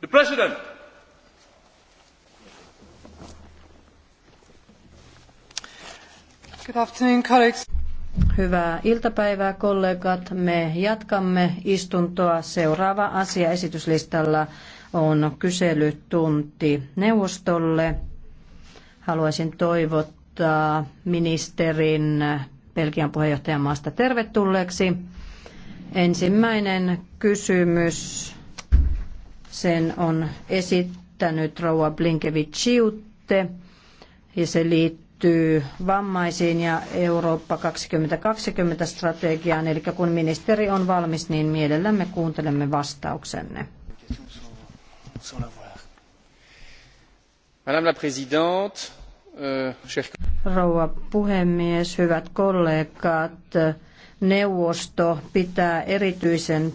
The President. Good afternoon, colleagues. Hyvää iltapäivää kollegat. Me jatkamme istuntoa. Seuraava asia esityslistalla on kyselytunti neuvostolle. Haluaisin toivottaa ministerin Belgian puheenjohtajamaasta tervetulleeksi. Ensimmäinen kysymys sen on esittänyt rouva Blinkevichiutte ja se liittyy vammaisiin ja Eurooppa 2020 strategiaan. Eli kun ministeri on valmis, niin mielellämme kuuntelemme vastauksenne. Madame la Présidente, euh, Rouva puhemies, hyvät kollegat, neuvosto pitää erityisen